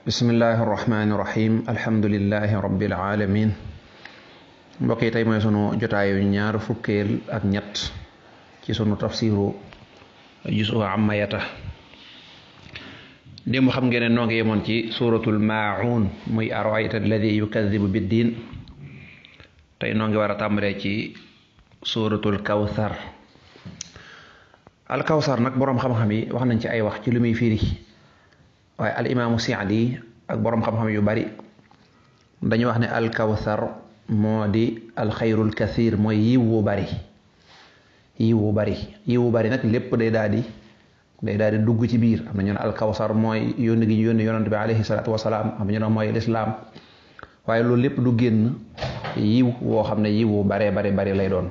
bismillahi irrahmani irrahim alhamdulilahi rabbil alamin yi tey mooy sunu jotaayu ñaar fukkeel ak ñett ci sunu tafsiru jusu amayata démb xam ngeen ne yemoon ci suratul maa'un muy araayta alladi yukadibu biddiin tey noo ngi war a tàmbalee ci suratul kawsar al kawsar nag boroom xam-xam yi wax nañ ci ay wax ci lu muy firi waaye al imaamu Saadi ak boroom xam-xam yu bari dañu wax ne al kawthar moo di al xayrul mooy yiw wu bari yiw wu bari yiw bari nag lépp day daal di day daal dugg ci biir am na ñu ne al kawthar mooy yónni gi ñu yónni yonent bi alayhi salaatu wasalaam am na ñu ne mooy lislaam waaye loolu lépp du génn yiw woo xam ne yiw wu baree bari bari lay doon.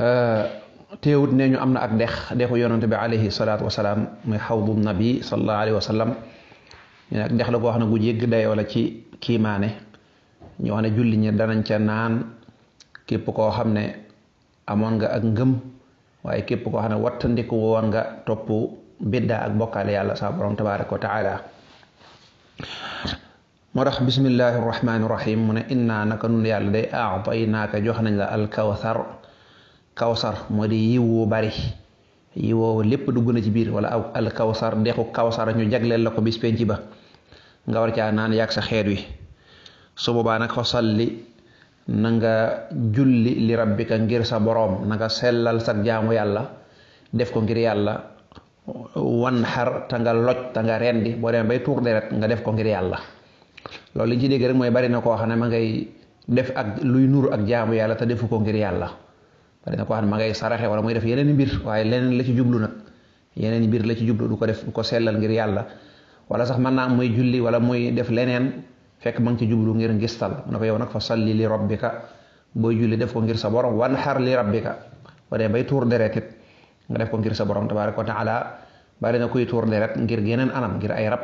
Euh, teewut ne ñu am na ak dex dexu yonante bi alayhi salaatu wasalaam muy xawdu nabi sallallahu alayhi wa sallam ñu ne ak dex la koo xam ne gu jégg day wala ci kiimaane ñu wax ne julli ñi danañ ca naan képp koo xam ne amoon nga ak ngëm waaye képp koo xam ne wattandiku woon nga topp bidda ak bokkaale yàlla sa borom tabaraka wa taala moo tax bismillahi rahmaani rahim mu ne innaa naka nun yàlla day aataynaaka jox nañ la alkawthar kawsar moo di yiw wu bari yiw lépp dugg na ci biir wala aw al kawsar ndexu kawsar ñu jagleel la ko bis penc ba nga war caa naan yàgg sa xeet wi su boobaa nag fa salli na nga julli li rabbika ngir sa boroom na nga sellal sa jaamu yàlla def ko ngir yàlla wan xar te nga loj te boo demee bay deret nga def ko ngir yàlla loolu li ci dégg rek mooy bari na koo xam ne ma ngay def ak luy nur ak jaamu yàlla te defu ko ngir yàlla bari na ko xam ne ma saraxe wala muy def yeneen mbir waaye leneen la ci jublu nag yeneen mbir la ci jublu du ko def du ko sellal ngir yàlla wala sax mën naa muy julli wala muy def leneen fekk ma ngi ci jublu ngir ngistal mu ne ko yow nag fa salli li rabbika booy julli def ko ngir sa borom wan xar li rabbika ba dee bay tuur deret it nga def ko ngir sa borom tabaraka wa taala bari na kuy tuur deret ngir geneen anam ngir ay rab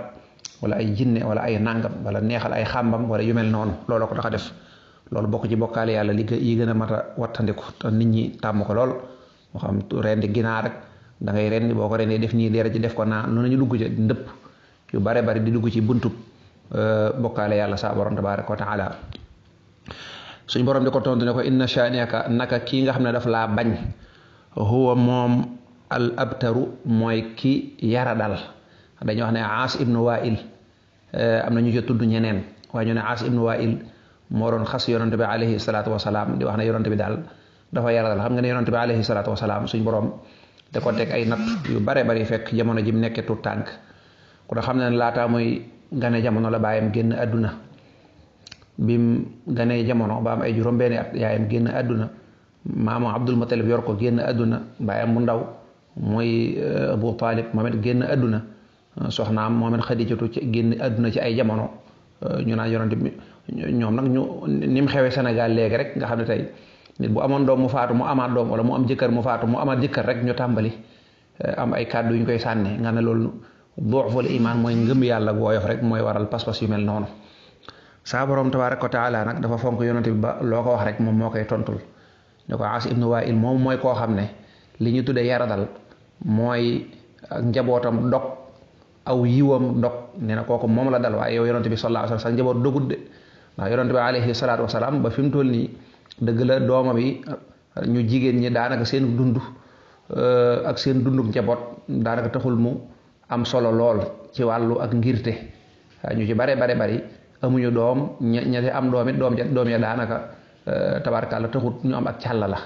wala ay jinne wala ay nàngam wala neexal ay xambam wala yu mel noonu looloo ko tax a loolu bokk ci bokkaale yàlla li yi gën a mat a wattandiku te nit ñi tàmm ko lool moo xam rendi ginaar rek da ngay boo ko rendee def nii leer ci def ko naa lu ñu dugg ci ndëpp yu bare bari di dugg ci buntub euh, bokkaale yàlla saa borom tabaraka wa taala suñ borom di ko tontu ne ko inna shaniaka naka kii nga xam ne daf laa bañ huwa moom al abtaru mooy ki yara dal dañuy wax ne aas ibnu wail euh, wail moo doon xas yonante bi alayhi salaatu wasalaam di wax ne yonante bi daal dafa yaradal xam nga ne yonante bi alayhi salaatu wasalaam suñ borom da ko teg ay natt yu bare bari fekk jamono ji mu nekkee tuut tànk ku ne xam ne laataa mooy gane jamono la baayam génn àdduna bim jamono ba ay juróom-benni génn àdduna maama Abdul Mutalib yor ko génn àdduna baayam mu ndaw mooy euh, Abu Talib moom génn àdduna soxnaam moom it Xadijatu ci génn àdduna ci ay jamono euh, ñu naan yonante bi ñoom nag ñu ni mu xewee Sénégal léegi rek nga xam ne tey nit bu amoon doom mu faatu mu amaat doom wala mu am jëkkër mu faatu mu amaat jëkkër rek ñu tàmbali eh, am ay kàddu yu ñu koy sànni nga ne loolu duuful imaan mooy ngëm yàlla gooyof rek mooy waral pas-pas yu noonu saa borom tabaaraka wa taala nag dafa fonk yonante bi ba loo ko wax rek moom moo koy tontul ne ko as moom mooy koo xam ne li ñu tuddee dal mooy njabootam dog aw yiwam dog nee na kooku moom la dal waaye yow yonante bi sallallahu alayhi wa sa njaboot dogut de ndax yonent bi alayhi salaatu wasalaam ba fi mu toll nii dëgg la dooma yi ñu jigéen ñi daanaka seen dund euh, ak seen dundum njaboot daanaka taxul mu am solo lool ci wàllu ak ngirte ñu ci bare bare bari amuñu doom ña am doom doom doom ya daanaka euh, tabarkàlla taxut ñu am ak càlla la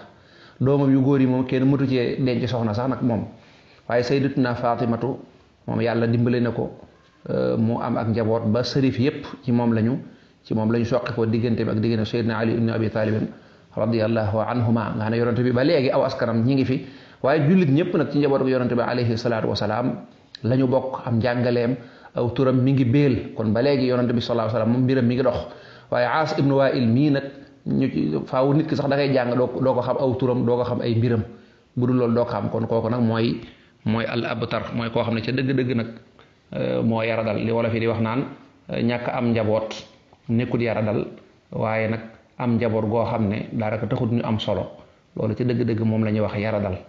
doomam yu góor yi moom kenn mëtu cee denc soxna sax nag moom waaye sayyidatuna Fatimatu moom yàlla dimbale na ko euh, mu am ak njaboot ba sërif yépp ci moom lañu ci moom la ñu soqi diggante digganteem ak diggante Seydina Ali ibn Abi Talib radiallahu anhuma nga xam ne yonente bi ba léegi aw askanam ñi ngi fi waaye jullit ñëpp nag ci njaboot gi yonente bi alayhi salaatu la ñu bokk am njàngaleem aw turam mi ngi béel kon ba léegi yonente bi sallallahu alayhi wasallam moom mbiram mi ngi dox waaye aas ibnu waa'il mii nag ñu faawu nit ki sax dangay ngay jàng doo ko xam aw turam doo ko xam ay mbiram bu dul loolu doo ko xam kon kooku nag mooy mooy al abtar mooy koo xam ne ca dëgg-dëgg nag moo yaradal li wala fi di wax naan ñàkk am njaboot nekkul yara dal waaye nag am njaboot goo xam ne daanaka taxut ñu am solo loolu ci dëgg-dëgg moom la ñuy wax yara dal